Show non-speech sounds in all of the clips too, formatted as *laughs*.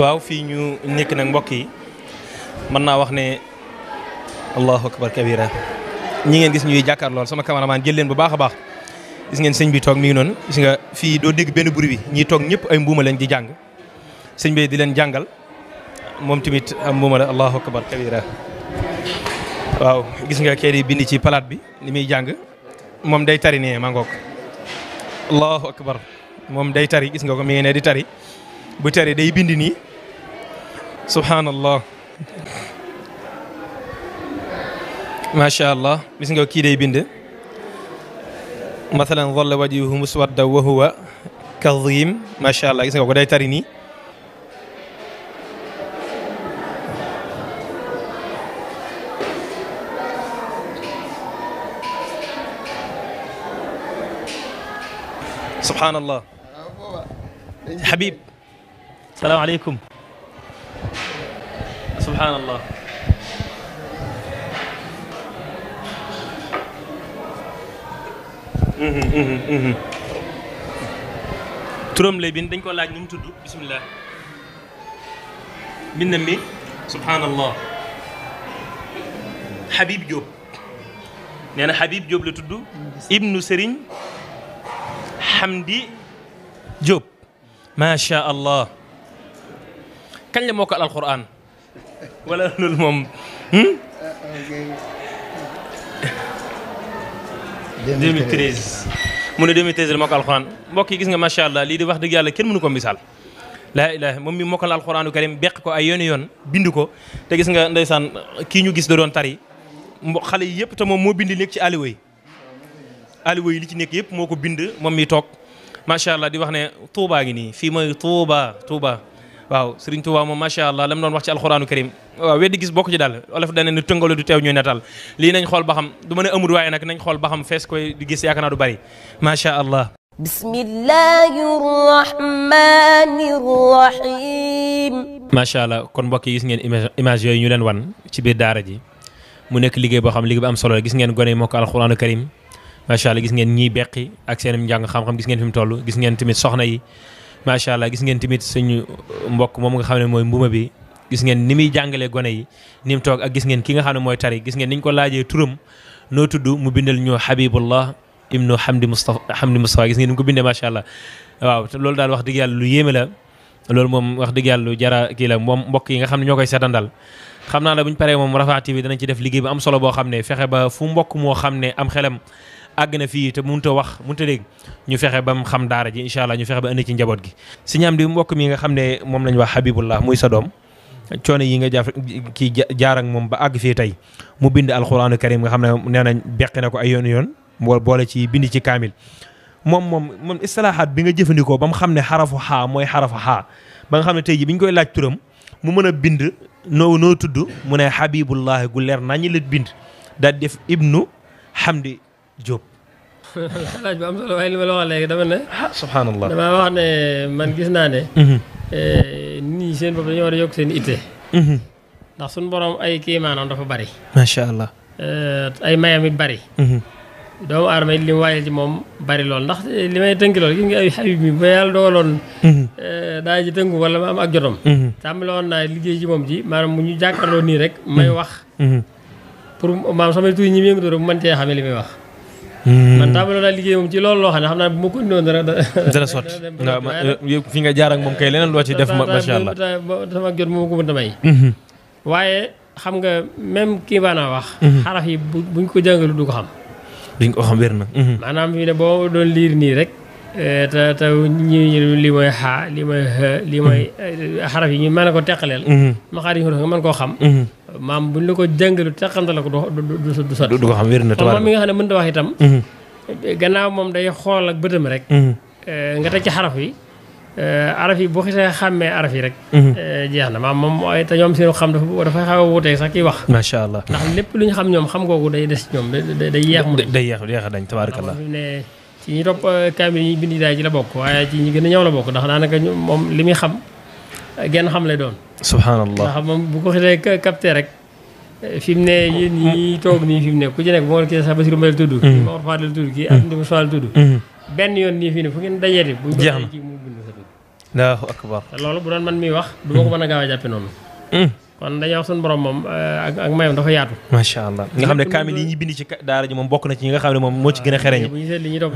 waaw fii ñu nekk nag mbokk yi mën naa wax ne allahu akbar kabira ñi ngeen gis ñuy jàkkaar lool sama cameraman jël leen bu baax a baax gis ngeen sëñ bi toog mi ngi noonu gis nga fii doo digg benn bruit bi toog ñëpp ay mbuuma lañ di jàng sëñ bi di leen jàngal moom tamit am mbuuma la allahu akbar kabira waaw gis nga kee bind ci palaat bi li muy jàng moom day tari ne maa allahu akbar moom day tari gis nga ko mi ngi ne di tari bu tari day bind nii subhanallah macha allah gis nga kii day bind mathalan dhalla wa huwa kadhim macha allah gis nga ko daytari nii subhanallah Habib salaamaaleykum subhaanallah mhm, mhm, mhm. turam lay bind dañ ko laaj nu mu tudd bismillah mbindam mi subhaanallah Habib Diop nee na Habib Diop la tudd ibnu Serigne Hamdi Diop macha allah kañ la moo ko alquran wala loolu moom. Hmm? deux mille treize mu ne la moo ko alquran mbokk yi gis nga macha allah lii di wax dëgg yàlla kenn mënu ko misaal. laa ilaaha moom mi mokkal alxuraanu karim beq ko ay yoon yoon bind ko te gis nga ndeysaan kii ñu gis da doon tari xale yi yëpp te moom moo bind nekk ci aliwa yi yi li ci nekk yëpp moo ko bind moom mi toog macha allah di wax ne Touba gi nii fii mooy Touba Touba waaw Serigne Touba moom macha allah la mu doon wax ci alxuraanu karim waaw weddi gis bokk ci daal olof dana ne tëngalo du teew ñuy nataal li nañ xool ba xam du mën a amul waaye nag nañ xool ba xam fees koy di gis yaakaar naa du bari macha allah. bismillahi rahmani rahim. allah kon mbokk gis ngeen image image yooyu ñu leen wan ci biir daara ji mu nekk liggéey boo xam liggéey bu am solo gis ngeen gone yi moo ko alxuraanu karim macha allah gis ngeen ñiy beqi ak seen njàng xam-xam gis ngeen fi mu gis ngeen tamit soxna yi macha allah gis ngeen tamit suñu mbokk moom nga xam ne mooy mbuma bi gis ngeen ni muy jàngalee gone yi ni mu toog ak gis ngeen ki nga xam ne mooy tari gis ngeen ni ko laajee turam noo tudd mu bindal ñu Habibullah ibnu Hamdi Mustafa Hamdi Mustafa gis ngeen ni mu ko bindee macha allah waaw te loolu daal wax dëgg yàlla lu yéeme la loolu moom wax dëgg yàlla lu jara kii la moom mbokk yi nga xam ne ñoo koy seetandal xam naa la bu ñu paree moom Rafah TV danañ ci boo xam ne moo xam ne àgg na fii te mënut a wax mënut a dégg ñu fexe ba mu xam daara ji incha allah ñu fexe ba indi ci njaboot gi. si ñaam di mbokk mi nga xam ne moom la ñu wax Habibullah muy sa doom coono yi nga jaaf kii jaar ak moom ba àgg fii tey mu bind alxuraanu karim nga xam ne nee nañ beqi na ko ay yoon yoon mu boole ci bind ci kaamil. moom moom moom istilaahaat bi nga jëfandikoo ba mu xam ne xarafu xaa mooy xarafu xaa ba nga xam ne tey jii bi koy laaj turam mu mën a bind noo noo tudd mu ne Habibullahi gu leer nañu la bind daal def ibnu Hamdi Diop. *laughs* laaj bu am solo waaye li ma la wax léegi dama ne. Ah, subhanallah dama wax ne man gis naa ne. Mhm. Eh, nii seen bopp dañoo war a yokk seen itte. Mhm. ndax suñu borom ay kéemaanam dafa bari. macha allah. Eh, ay mayam it bari. Mhm. doomu aadama it li ndax eh, li may tënki lool nga ay ma am ak jotom. tàmbale woon naa liggéey ci moom ji maanaam mu ñu jàkkaarloo nii rek. may wax. pour maanaam li muy wax. man tàmbali naa liggéey moom ci loolu loo xam ne xam naa bu ma continué woon dara dara sotti waaw fi nga jaar ak moom kay leneen loo ci def macha allah sama jot moom ko mën a may waaye xam nga même kii baa naa wax xaraf yi buñ ko jàngalu du ko a ma xaar koo xam maam bu ñu la ko jàngalu taxante la ko du du du sot du ko xam wér na moom mi nga xam ne mënut a wax itam mm-hmm. gannaaw moom day xool ak bëtam rek mm-hmm. eh, nga teg ci xaraf yi eh, araf yi boo xisee xàmmee araf yi rek mm-hmm. eh, jeex na maam moom te ñoom seen xam dafa dafay xaw a wuuteeg sax kiy wax macha allah ndax lépp lu ñu xam ñoom xam googu day des ñoom day yeex mu day yeex yeex dañ tabaarakallah ne ci ñi topp kaamil yi ñuy bind daay ci la bokk waaye ci ñi gën a ñëw la bokk ndax daanaka moom li muy xam genn xam lay doon subhanallah ndax moom bu ko xëlee capté rek eh, fi mu ne yéen ñi toog nii fi mu ne ku ci nekk bu ma kii sax Basiru Mbay mm-hmm. la tudd kii Mor Faal la tudd kii Abdou Moussa la tudd mm-hmm. benn yoon nii fi ne fu ngeen dajeeti bu ñu ko kii mu bind sa akbar te loolu bu doon man miy wax du ma ko mën a gaaw a jàppe mm. kon dañuy wax suñu borom moom eh, ak ak mayam dafa yaatu. macha allah nga xam ne kaamil yi ñu bind ci daara ji moom bokk na ci ne moom moo ci gën a xereñ.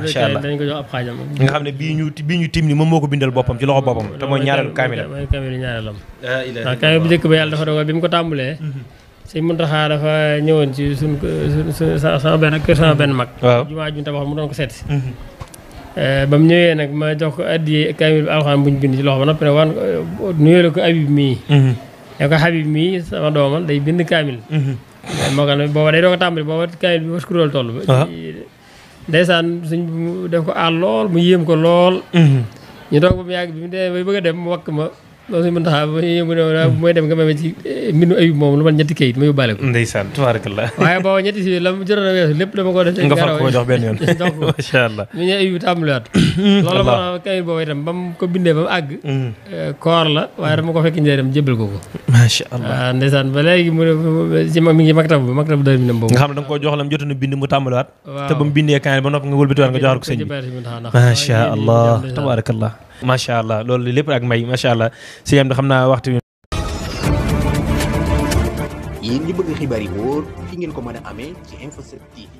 macha allah ko jox ab xaajam. nga xam ne bii ñu bii moom moo ko bindal boppam ci loxo boppam te mooy ñaareelu kaamil. bu njëkk ba yàlla dafa dogal bi mu ko tàmbalee. Mhm. sëñ Muntaxa dafa ñëwoon ci suñ sama benn kër sama benn mag. jumaa ju ñu mu doon ko seet mhm. eh, ba mu ñëwee nag ma jox ko addiye kaamil bi alxaan bu ñu bind ci loxo ba noppi nag wan eh, nuyoo la ko abib mii mhm. ne ko Habib mii sama doomal day bind kaamil. Mhm. mokkal na booba day doog a tàmbali booba kaamil bi waskurool toll. waaw ndeysaan suñ def ko aar lool mu yéem ko lool. Mhm. ñu ba mu yàgg bi mu dee bay bëgg a dem mu wakk loolu si mën taxaa bu may dem nga mame ci eh, mbindu ayub moom lu man la a weesu lépp ko def jox benn yoon *laughs* jox ko macha allah mi moo kayit boobu itam ba mu bindee ba mu àgg mm. eh, la waaye dama ko fekk njëriñ dem ko ko macha allah waaw ah, ndeysaan ba léegi mu ci mag mi ngi maktab bi maktab dër mi nam boobu nga xam ne da ko jox la mu jotoon a bind mu tàmbaliwaat te ba mu bindee kaay ba noppi nga wëlbatiwaat nga joxaat ko sëñ bi macha allah tabaarakallah macha allah loolu lépp ak may macha allah si yam xam naa waxtu bi. yéen ñi bëgg xibaar yi fi ngeen ko mën a amee ci Info 7 TV